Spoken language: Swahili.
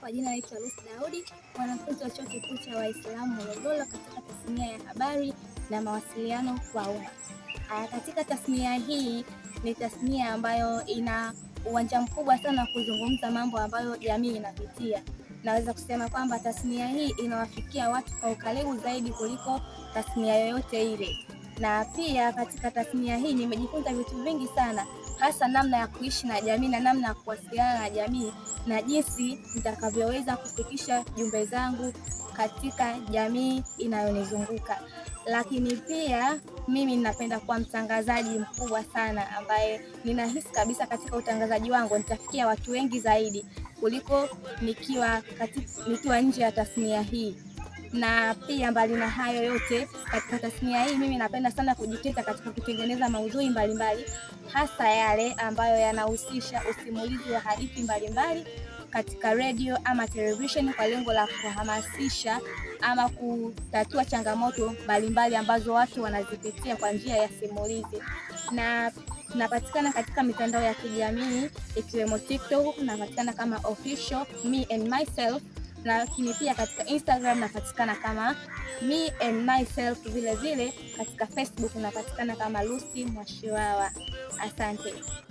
Kwa jina naitwa Ruth Daudi, mwanafunzi wa chuo kikuu cha Waislamu Morogoro, katika tasnia ya habari na mawasiliano kwa umma. Katika tasnia hii ni tasnia ambayo ina uwanja mkubwa sana kuzungumza mambo ambayo jamii inapitia. Naweza kusema kwamba tasnia hii inawafikia watu kwa ukaribu zaidi kuliko tasnia yoyote ile na pia katika tasnia hii nimejifunza vitu vingi sana, hasa namna ya kuishi na jamii na namna ya kuwasiliana na jamii na jinsi nitakavyoweza kufikisha jumbe zangu katika jamii inayonizunguka. Lakini pia mimi ninapenda kuwa mtangazaji mkubwa sana, ambaye ninahisi kabisa katika utangazaji wangu nitafikia watu wengi zaidi kuliko nikiwa, katika, nikiwa nje ya tasnia hii na pia mbali na hayo yote, katika tasnia hii mimi napenda sana kujikita katika kutengeneza maudhui mbalimbali hasa yale ambayo yanahusisha usimulizi wa hadithi mbalimbali katika redio ama televisheni kwa lengo la kuhamasisha ama kutatua changamoto mbalimbali mbali ambazo watu wanazipitia kwa njia ya simulizi, na napatikana katika mitandao ya kijamii ikiwemo TikTok, napatikana kama official me and myself lakini pia katika Instagram napatikana kama me and myself, vile katika Facebook napatikana kama Lucy Mwashiwawa. Asante.